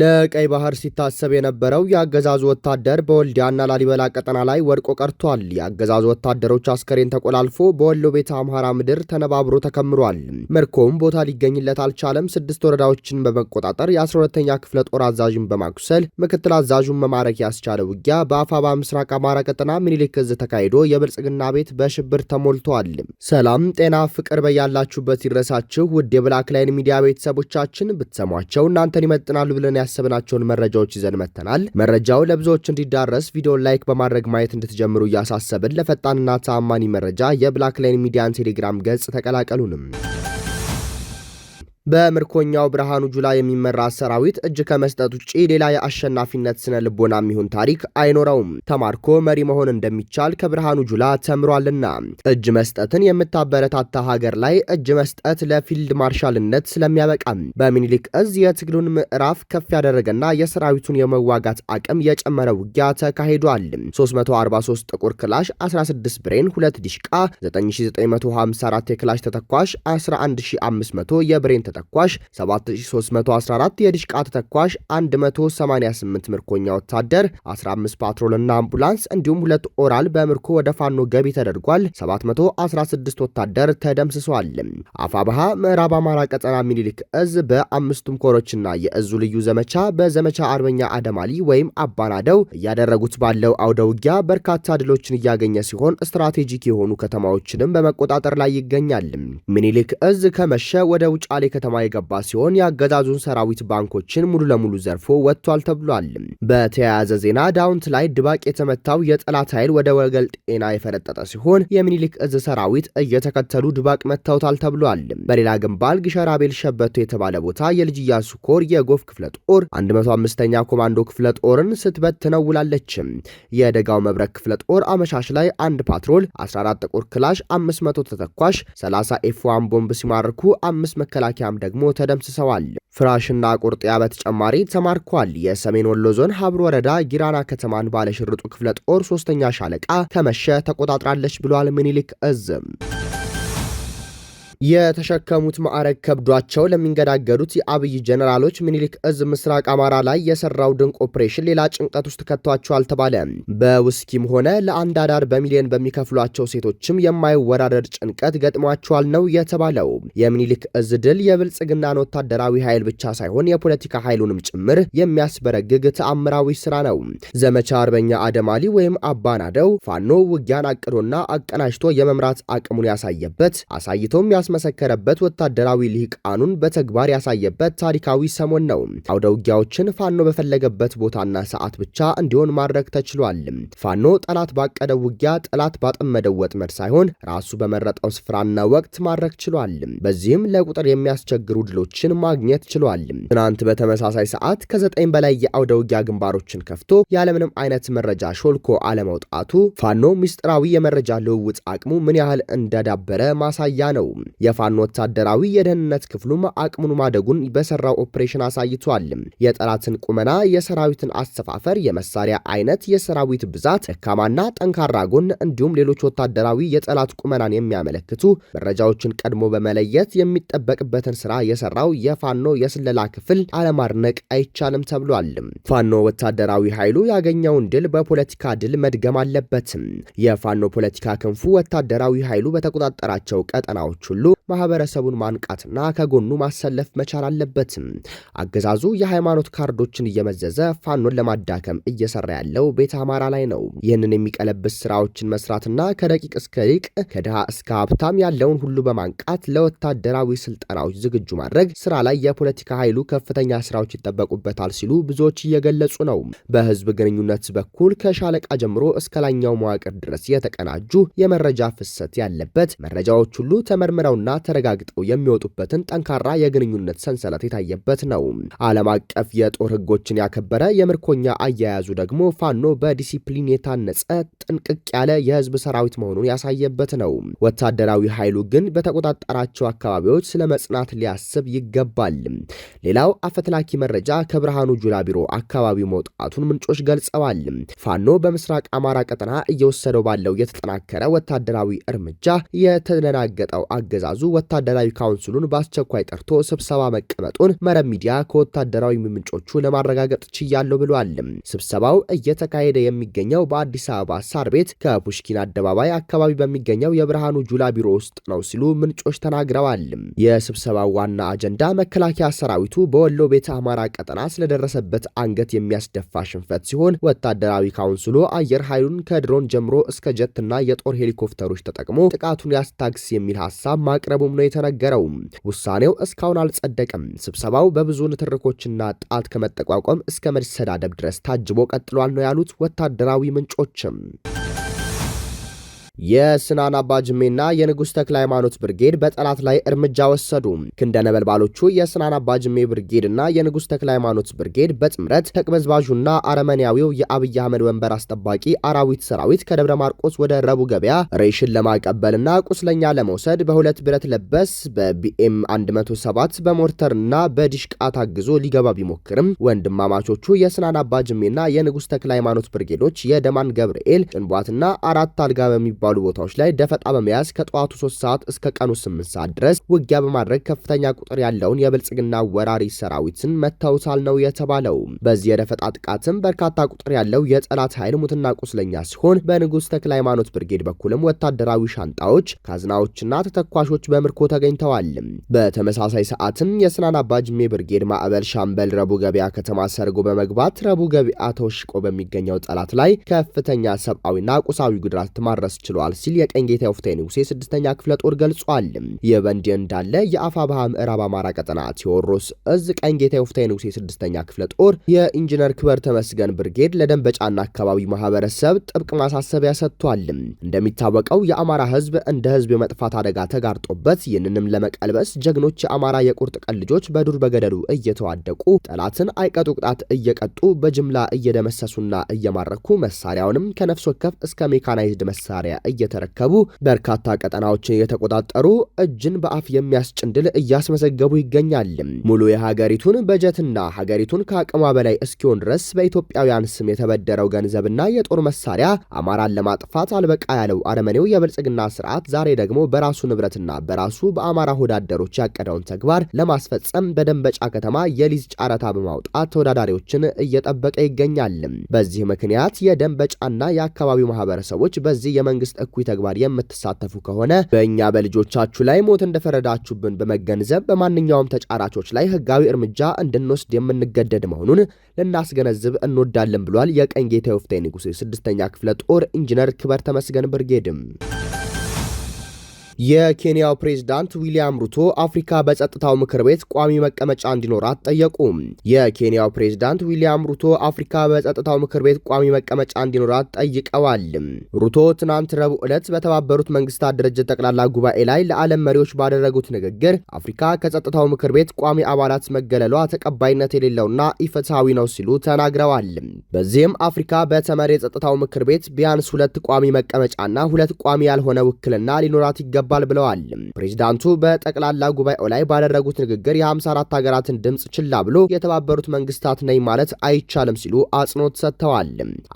ለቀይ ባህር ሲታሰብ የነበረው የአገዛዙ ወታደር በወልዲያና ላሊበላ ቀጠና ላይ ወድቆ ቀርቷል። የአገዛዙ ወታደሮች አስከሬን ተቆላልፎ በወሎ ቤተ አምሃራ ምድር ተነባብሮ ተከምሯል። ምርኮም ቦታ ሊገኝለት አልቻለም። ስድስት ወረዳዎችን በመቆጣጠር የ12ኛ ክፍለ ጦር አዛዥን በማኩሰል ምክትል አዛዡን መማረክ ያስቻለ ውጊያ በአፋባ ምስራቅ አማራ ቀጠና ሚኒሊክ እዝ ተካሂዶ የብልጽግና ቤት በሽብር ተሞልቷል። ሰላም ጤና፣ ፍቅር በያላችሁበት ይድረሳችሁ ውድ የብላክ ላይን ሚዲያ ቤተሰቦቻችን ብትሰሟቸው እናንተን ይመጥናሉ ብለን ያሰብናቸውን መረጃዎች ይዘን መጥተናል። መረጃው ለብዙዎች እንዲዳረስ ቪዲዮ ላይክ በማድረግ ማየት እንድትጀምሩ እያሳሰብን ለፈጣንና ተአማኒ መረጃ የብላክ ላይን ሚዲያን ቴሌግራም ገጽ ተቀላቀሉንም። በምርኮኛው ብርሃኑ ጁላ የሚመራ ሰራዊት እጅ ከመስጠት ውጪ ሌላ የአሸናፊነት ስነ ልቦና የሚሆን ታሪክ አይኖረውም። ተማርኮ መሪ መሆን እንደሚቻል ከብርሃኑ ጁላ ተምሯልና እጅ መስጠትን የምታበረታታ ሀገር ላይ እጅ መስጠት ለፊልድ ማርሻልነት ስለሚያበቃ በሚኒሊክ እዝ የትግሉን ምዕራፍ ከፍ ያደረገና የሰራዊቱን የመዋጋት አቅም የጨመረ ውጊያ ተካሂዷል። 343 ጥቁር ክላሽ፣ 16 ብሬን፣ 2 ዲሽቃ፣ 9954 የክላሽ ተተኳሽ፣ 11500 የብሬን ተተኳሽ 7314 የዲሽቃ ተተኳሽ 188 ምርኮኛ ወታደር 15 ፓትሮልና አምቡላንስ እንዲሁም ሁለት ኦራል በምርኮ ወደ ፋኖ ገቢ ተደርጓል። 716 ወታደር ተደምስሷል። አፋብሃ ምዕራብ አማራ ቀጠና ሚኒሊክ እዝ በአምስቱም ኮሮችና የእዙ ልዩ ዘመቻ በዘመቻ አርበኛ አደማሊ ወይም አባናደው እያደረጉት ባለው አውደ ውጊያ በርካታ ድሎችን እያገኘ ሲሆን ስትራቴጂክ የሆኑ ከተማዎችንም በመቆጣጠር ላይ ይገኛል። ሚኒሊክ እዝ ከመሸ ወደ ውጫሌ ከተማ የገባ ሲሆን የአገዛዙን ሰራዊት ባንኮችን ሙሉ ለሙሉ ዘርፎ ወጥቷል ተብሏል። በተያያዘ ዜና ዳውንት ላይ ድባቅ የተመታው የጠላት ኃይል ወደ ወገል ጤና የፈረጠጠ ሲሆን የሚኒሊክ እዝ ሰራዊት እየተከተሉ ድባቅ መታውታል ተብሏል። በሌላ ግንባር ግሸራቤል ሸበቶ የተባለ ቦታ የልጅ ኢያሱ ኮር የጎፍ ክፍለ ጦር 105ኛ ኮማንዶ ክፍለ ጦርን ስትበትነው ውላለች። የደጋው መብረክ ክፍለ ጦር አመሻሽ ላይ አንድ ፓትሮል 14 ጥቁር ክላሽ፣ 500 ተተኳሽ፣ 30 ኤፍ1 ቦምብ ሲማርኩ አምስት መከላከያ መኪናም ደግሞ ተደምስሰዋል። ፍራሽና ቁርጥያ በተጨማሪ ተማርኳል። የሰሜን ወሎ ዞን ሀብር ወረዳ ጊራና ከተማን ባለሽርጡ ክፍለ ጦር ሶስተኛ ሻለቃ ከመሸ ተቆጣጥራለች ብሏል ምኒልክ እዝም የተሸከሙት ማዕረግ ከብዷቸው ለሚንገዳገዱት የአብይ ጀነራሎች ምኒልክ እዝ ምስራቅ አማራ ላይ የሰራው ድንቅ ኦፕሬሽን ሌላ ጭንቀት ውስጥ ከቷቸዋል ተባለ። በውስኪም ሆነ ለአንድ አዳር በሚሊዮን በሚከፍሏቸው ሴቶችም የማይወራረድ ጭንቀት ገጥሟቸዋል ነው የተባለው። የምኒልክ እዝ ድል የብልጽግናን ወታደራዊ ኃይል ብቻ ሳይሆን የፖለቲካ ኃይሉንም ጭምር የሚያስበረግግ ተአምራዊ ስራ ነው። ዘመቻ አርበኛ አደማሊ ወይም አባናደው ፋኖ ውጊያን አቅዶና አቀናጅቶ የመምራት አቅሙን ያሳየበት አሳይቶም ያስመሰከረበት ወታደራዊ ልሂቃኑን በተግባር ያሳየበት ታሪካዊ ሰሞን ነው። አውደ ውጊያዎችን ፋኖ በፈለገበት ቦታና ሰዓት ብቻ እንዲሆን ማድረግ ተችሏል። ፋኖ ጠላት ባቀደው ውጊያ ጠላት ባጠመደው ወጥመድ ሳይሆን ራሱ በመረጠው ስፍራና ወቅት ማድረግ ችሏል። በዚህም ለቁጥር የሚያስቸግሩ ድሎችን ማግኘት ችሏል። ትናንት በተመሳሳይ ሰዓት ከዘጠኝ በላይ የአውደ ውጊያ ግንባሮችን ከፍቶ ያለምንም አይነት መረጃ ሾልኮ አለመውጣቱ ፋኖ ምስጢራዊ የመረጃ ልውውጥ አቅሙ ምን ያህል እንደዳበረ ማሳያ ነው። የፋኖ ወታደራዊ የደህንነት ክፍሉም አቅሙን ማደጉን በሰራው ኦፕሬሽን አሳይቷል። የጠላትን ቁመና፣ የሰራዊትን አሰፋፈር፣ የመሳሪያ አይነት፣ የሰራዊት ብዛት፣ ደካማና ጠንካራ ጎን እንዲሁም ሌሎች ወታደራዊ የጠላት ቁመናን የሚያመለክቱ መረጃዎችን ቀድሞ በመለየት የሚጠበቅበትን ስራ የሰራው የፋኖ የስለላ ክፍል አለማድነቅ አይቻልም ተብሏል። ፋኖ ወታደራዊ ኃይሉ ያገኘውን ድል በፖለቲካ ድል መድገም አለበትም። የፋኖ ፖለቲካ ክንፉ ወታደራዊ ኃይሉ በተቆጣጠራቸው ቀጠናዎች ሁሉ ሁሉ ማህበረሰቡን ማንቃትና ከጎኑ ማሰለፍ መቻል አለበትም። አገዛዙ የሃይማኖት ካርዶችን እየመዘዘ ፋኖን ለማዳከም እየሰራ ያለው ቤተ አማራ ላይ ነው። ይህንን የሚቀለብስ ስራዎችን መስራትና ከደቂቅ እስከ ሊቅ ከድሃ እስከ ሀብታም ያለውን ሁሉ በማንቃት ለወታደራዊ ስልጠናዎች ዝግጁ ማድረግ ስራ ላይ የፖለቲካ ኃይሉ ከፍተኛ ስራዎች ይጠበቁበታል ሲሉ ብዙዎች እየገለጹ ነው። በህዝብ ግንኙነት በኩል ከሻለቃ ጀምሮ እስከ ላይኛው መዋቅር ድረስ የተቀናጁ የመረጃ ፍሰት ያለበት መረጃዎች ሁሉ ተመርምረው ተጠናክረውና ተረጋግጠው የሚወጡበትን ጠንካራ የግንኙነት ሰንሰለት የታየበት ነው። ዓለም አቀፍ የጦር ህጎችን ያከበረ የምርኮኛ አያያዙ ደግሞ ፋኖ በዲሲፕሊን የታነጸ ጥንቅቅ ያለ የህዝብ ሰራዊት መሆኑን ያሳየበት ነው። ወታደራዊ ኃይሉ ግን በተቆጣጠራቸው አካባቢዎች ስለ መጽናት ሊያስብ ይገባል። ሌላው አፈትላኪ መረጃ ከብርሃኑ ጁላ ቢሮ አካባቢ መውጣቱን ምንጮች ገልጸዋል። ፋኖ በምስራቅ አማራ ቀጠና እየወሰደው ባለው የተጠናከረ ወታደራዊ እርምጃ የተደናገጠው አገዛ አገዛዙ ወታደራዊ ካውንስሉን በአስቸኳይ ጠርቶ ስብሰባ መቀመጡን መረብ ሚዲያ ከወታደራዊ ምንጮቹ ለማረጋገጥ ችያለሁ ብሏል። ስብሰባው እየተካሄደ የሚገኘው በአዲስ አበባ ሳር ቤት ከፑሽኪን አደባባይ አካባቢ በሚገኘው የብርሃኑ ጁላ ቢሮ ውስጥ ነው ሲሉ ምንጮች ተናግረዋል። የስብሰባው ዋና አጀንዳ መከላከያ ሰራዊቱ በወሎ ቤተ አማራ ቀጠና ስለደረሰበት አንገት የሚያስደፋ ሽንፈት ሲሆን ወታደራዊ ካውንስሉ አየር ኃይሉን ከድሮን ጀምሮ እስከ ጀትና የጦር ሄሊኮፕተሮች ተጠቅሞ ጥቃቱን ያስታግስ የሚል ሀሳብ ማቅረቡም ነው የተነገረው። ውሳኔው እስካሁን አልጸደቀም። ስብሰባው በብዙ ንትርኮችና ጣት ከመጠቋቋም እስከ መሰዳደብ ድረስ ታጅቦ ቀጥሏል ነው ያሉት ወታደራዊ ምንጮችም። የስናን አባጅሜና የንጉሥ ተክለ ሃይማኖት ብርጌድ በጠላት ላይ እርምጃ ወሰዱ። ክንደ ነበልባሎቹ የስናን አባጅሜ ብርጌድና የንጉሥ ተክለ ሃይማኖት ብርጌድ በጥምረት ተቅበዝባዡና አረመኔያዊው የአብይ አህመድ ወንበር አስጠባቂ አራዊት ሰራዊት ከደብረ ማርቆስ ወደ ረቡ ገበያ ሬሽን ለማቀበልና ቁስለኛ ለመውሰድ በሁለት ብረት ለበስ በቢኤም 107 በሞርተርና በዲሽቃ ታግዞ ሊገባ ቢሞክርም ወንድማማቾቹ የስናን አባጅሜና የንጉሥ ተክለ ሃይማኖት ብርጌዶች የደማን ገብርኤል ጭንቧትና አራት አልጋ በሚባ ባሉ ቦታዎች ላይ ደፈጣ በመያዝ ከጠዋቱ 3 ሰዓት እስከ ቀኑ 8 ሰዓት ድረስ ውጊያ በማድረግ ከፍተኛ ቁጥር ያለውን የብልጽግና ወራሪ ሰራዊትን መተውታል ነው የተባለው። በዚህ የደፈጣ ጥቃትም በርካታ ቁጥር ያለው የጠላት ኃይል ሙትና ቁስለኛ ሲሆን በንጉሥ ተክለ ሃይማኖት ብርጌድ በኩልም ወታደራዊ ሻንጣዎች፣ ካዝናዎችና ተተኳሾች በምርኮ ተገኝተዋል። በተመሳሳይ ሰዓትም የስናን ጅሜ ብርጌድ ማዕበል ሻምበል ረቡ ገበያ ከተማ ሰርጎ በመግባት ረቡ ገበያ ተወሽቆ በሚገኘው ጠላት ላይ ከፍተኛ ሰብአዊና ቁሳዊ ጉድራት ማድረስ ችሏል ችሏል ሲል የቀኝ ጌታ ወፍቴ ንጉሴ ስድስተኛ ክፍለ ጦር ገልጿል። ይህ በእንዲህ እንዳለ የአፋ ባህ ምዕራብ አማራ ቀጠና ቴዎድሮስ እዝ ቀኝ ጌታ ወፍቴ ንጉሴ ስድስተኛ ክፍለ ጦር የኢንጂነር ክበር ተመስገን ብርጌድ ለደንበጫና አካባቢ ማህበረሰብ ጥብቅ ማሳሰቢያ ሰጥቷል። እንደሚታወቀው የአማራ ህዝብ እንደ ህዝብ የመጥፋት አደጋ ተጋርጦበት ይህንንም ለመቀልበስ ጀግኖች የአማራ የቁርጥ ቀን ልጆች በዱር በገደሉ እየተዋደቁ ጠላትን አይቀጡ ቅጣት እየቀጡ በጅምላ እየደመሰሱና እየማረኩ መሳሪያውንም ከነፍስ ወከፍ እስከ ሜካናይዝድ መሳሪያ እየተረከቡ በርካታ ቀጠናዎችን እየተቆጣጠሩ እጅን በአፍ የሚያስጭን ድል እያስመዘገቡ ይገኛል። ሙሉ የሀገሪቱን በጀትና ሀገሪቱን ከአቅሟ በላይ እስኪሆን ድረስ በኢትዮጵያውያን ስም የተበደረው ገንዘብና የጦር መሳሪያ አማራን ለማጥፋት አልበቃ ያለው አረመኔው የብልጽግና ስርዓት ዛሬ ደግሞ በራሱ ንብረትና በራሱ በአማራ ወዳደሮች ያቀደውን ተግባር ለማስፈጸም በደንበጫ ከተማ የሊዝ ጨረታ በማውጣት ተወዳዳሪዎችን እየጠበቀ ይገኛል። በዚህ ምክንያት የደንበጫና የአካባቢው ማህበረሰቦች በዚህ የመንግስት በመንግስት እኩይ ተግባር የምትሳተፉ ከሆነ በእኛ በልጆቻችሁ ላይ ሞት እንደፈረዳችሁብን በመገንዘብ በማንኛውም ተጫራቾች ላይ ህጋዊ እርምጃ እንድንወስድ የምንገደድ መሆኑን ልናስገነዝብ እንወዳለን ብሏል። የቀኝ ጌታ ወፍቴ ንጉሴ ስድስተኛ ክፍለ ጦር ኢንጂነር ክበር ተመስገን ብርጌድም የኬንያው ፕሬዝዳንት ዊሊያም ሩቶ አፍሪካ በጸጥታው ምክር ቤት ቋሚ መቀመጫ እንዲኖራት ጠየቁ። የኬንያው ፕሬዝዳንት ዊሊያም ሩቶ አፍሪካ በጸጥታው ምክር ቤት ቋሚ መቀመጫ እንዲኖራት ጠይቀዋል። ሩቶ ትናንት ረቡዕ ዕለት በተባበሩት መንግስታት ድርጅት ጠቅላላ ጉባኤ ላይ ለዓለም መሪዎች ባደረጉት ንግግር አፍሪካ ከጸጥታው ምክር ቤት ቋሚ አባላት መገለሏ ተቀባይነት የሌለውና ኢፍትሐዊ ነው ሲሉ ተናግረዋል። በዚህም አፍሪካ በተመድ የጸጥታው ምክር ቤት ቢያንስ ሁለት ቋሚ መቀመጫና ሁለት ቋሚ ያልሆነ ውክልና ሊኖራት ይገባል ይገባል ብለዋል። ፕሬዚዳንቱ በጠቅላላ ጉባኤው ላይ ባደረጉት ንግግር የ54 ሀገራትን ድምፅ ችላ ብሎ የተባበሩት መንግስታት ነኝ ማለት አይቻልም ሲሉ አጽንኦት ሰጥተዋል።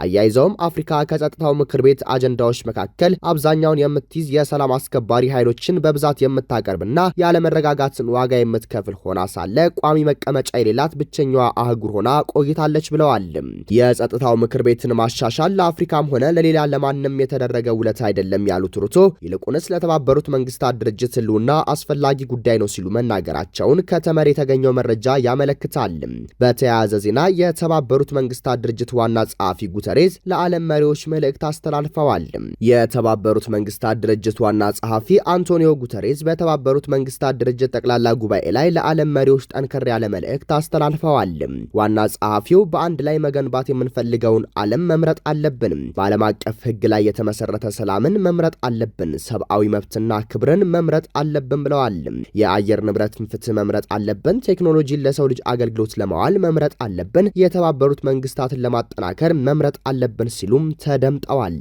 አያይዘውም አፍሪካ ከጸጥታው ምክር ቤት አጀንዳዎች መካከል አብዛኛውን የምትይዝ የሰላም አስከባሪ ኃይሎችን በብዛት የምታቀርብና ያለመረጋጋትን ዋጋ የምትከፍል ሆና ሳለ ቋሚ መቀመጫ የሌላት ብቸኛዋ አህጉር ሆና ቆይታለች ብለዋል። የጸጥታው ምክር ቤትን ማሻሻል ለአፍሪካም ሆነ ለሌላ ለማንም የተደረገ ውለት አይደለም ያሉት ሩቶ ይልቁንስ ለተባበሩ የተባበሩት መንግስታት ድርጅት ህልውና አስፈላጊ ጉዳይ ነው ሲሉ መናገራቸውን ከተመር የተገኘው መረጃ ያመለክታል። በተያያዘ ዜና የተባበሩት መንግስታት ድርጅት ዋና ጸሐፊ ጉተሬዝ ለዓለም መሪዎች መልእክት አስተላልፈዋል። የተባበሩት መንግስታት ድርጅት ዋና ጸሐፊ አንቶኒዮ ጉተሬዝ በተባበሩት መንግስታት ድርጅት ጠቅላላ ጉባኤ ላይ ለዓለም መሪዎች ጠንከር ያለ መልእክት አስተላልፈዋል። ዋና ጸሐፊው በአንድ ላይ መገንባት የምንፈልገውን ዓለም መምረጥ አለብን። በዓለም አቀፍ ህግ ላይ የተመሰረተ ሰላምን መምረጥ አለብን። ሰብአዊ መብትና ጥበብንና ክብርን መምረጥ አለብን ብለዋል። የአየር ንብረትን ፍትህ መምረጥ አለብን፣ ቴክኖሎጂን ለሰው ልጅ አገልግሎት ለማዋል መምረጥ አለብን፣ የተባበሩት መንግስታትን ለማጠናከር መምረጥ አለብን ሲሉም ተደምጠዋል።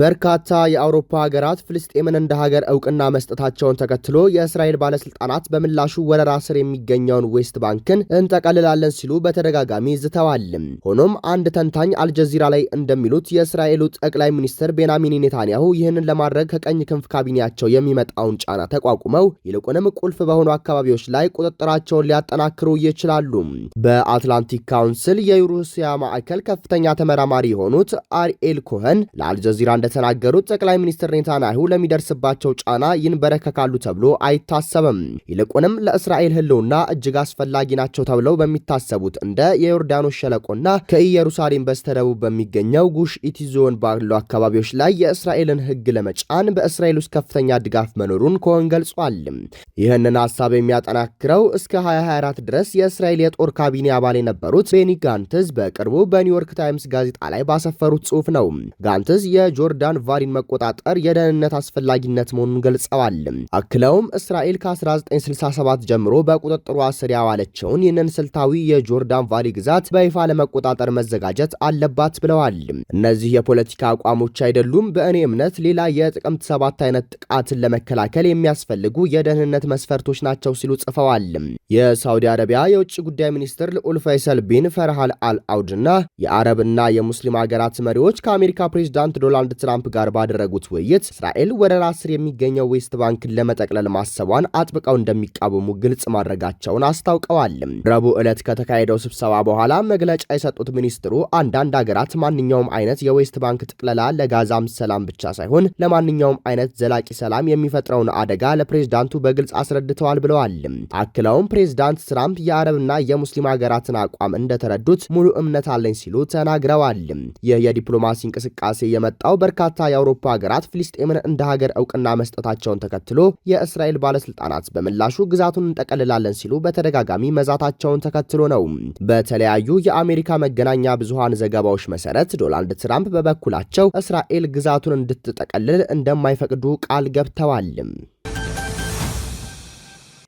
በርካታ የአውሮፓ ሀገራት ፍልስጤምን እንደ ሀገር እውቅና መስጠታቸውን ተከትሎ የእስራኤል ባለስልጣናት በምላሹ ወረራ ስር የሚገኘውን ዌስት ባንክን እንጠቀልላለን ሲሉ በተደጋጋሚ ዝተዋል። ሆኖም አንድ ተንታኝ አልጀዚራ ላይ እንደሚሉት የእስራኤሉ ጠቅላይ ሚኒስትር ቤንያሚን ኔታንያሁ ይህንን ለማድረግ ከቀኝ ክንፍ ካቢኔያቸው የሚመጣውን ጫና ተቋቁመው ይልቁንም ቁልፍ በሆኑ አካባቢዎች ላይ ቁጥጥራቸውን ሊያጠናክሩ ይችላሉ። በአትላንቲክ ካውንስል የሩሲያ ማዕከል ከፍተኛ ተመራማሪ የሆኑት አርኤል ኮኸን ለአልጀዚራ እንደተናገሩት ጠቅላይ ሚኒስትር ኔታንያሁ ለሚደርስባቸው ጫና ይንበረከካሉ ተብሎ አይታሰብም። ይልቁንም ለእስራኤል ሕልውና እጅግ አስፈላጊ ናቸው ተብለው በሚታሰቡት እንደ የዮርዳኖስ ሸለቆና ከኢየሩሳሌም በስተደቡብ በሚገኘው ጉሽ ኢቲዞን ባሉ አካባቢዎች ላይ የእስራኤልን ሕግ ለመጫን በእስራኤል ውስጥ ከፍተኛ ድጋፍ መኖሩን ኮሆን ገልጿል። ይህንን ሀሳብ የሚያጠናክረው እስከ 2024 ድረስ የእስራኤል የጦር ካቢኔ አባል የነበሩት ቤኒ ጋንትዝ በቅርቡ በኒውዮርክ ታይምስ ጋዜጣ ላይ ባሰፈሩት ጽሑፍ ነው። ጋንትዝ የጆ ጆርዳን ቫሊን መቆጣጠር የደህንነት አስፈላጊነት መሆኑን ገልጸዋል። አክለውም እስራኤል ከ1967 ጀምሮ በቁጥጥሯ ስር ያዋለቸውን ይህንን ስልታዊ የጆርዳን ቫሊ ግዛት በይፋ ለመቆጣጠር መዘጋጀት አለባት ብለዋል። እነዚህ የፖለቲካ አቋሞች አይደሉም። በእኔ እምነት ሌላ የጥቅምት ሰባት አይነት ጥቃትን ለመከላከል የሚያስፈልጉ የደህንነት መስፈርቶች ናቸው ሲሉ ጽፈዋል። የሳውዲ አረቢያ የውጭ ጉዳይ ሚኒስትር ልዑል ፈይሰል ቢን ፈርሃል አል የአረብና የሙስሊም ሀገራት መሪዎች ከአሜሪካ ፕሬዚዳንት ዶናልድ ትራምፕ ጋር ባደረጉት ውይይት እስራኤል ወረራ ስር የሚገኘው ዌስት ባንክን ለመጠቅለል ማሰቧን አጥብቀው እንደሚቃወሙ ግልጽ ማድረጋቸውን አስታውቀዋል። ረቡዕ ዕለት ከተካሄደው ስብሰባ በኋላ መግለጫ የሰጡት ሚኒስትሩ አንዳንድ ሀገራት ማንኛውም አይነት የዌስት ባንክ ጥቅለላ ለጋዛም ሰላም ብቻ ሳይሆን ለማንኛውም አይነት ዘላቂ ሰላም የሚፈጥረውን አደጋ ለፕሬዝዳንቱ በግልጽ አስረድተዋል ብለዋል። አክለውም ፕሬዝዳንት ትራምፕ የአረብና የሙስሊም ሀገራትን አቋም እንደተረዱት ሙሉ እምነት አለኝ ሲሉ ተናግረዋል። ይህ የዲፕሎማሲ እንቅስቃሴ የመጣው በርካታ የአውሮፓ ሀገራት ፍልስጤምን እንደ ሀገር እውቅና መስጠታቸውን ተከትሎ የእስራኤል ባለስልጣናት በምላሹ ግዛቱን እንጠቀልላለን ሲሉ በተደጋጋሚ መዛታቸውን ተከትሎ ነው። በተለያዩ የአሜሪካ መገናኛ ብዙሃን ዘገባዎች መሰረት ዶናልድ ትራምፕ በበኩላቸው እስራኤል ግዛቱን እንድትጠቀልል እንደማይፈቅዱ ቃል ገብተዋል።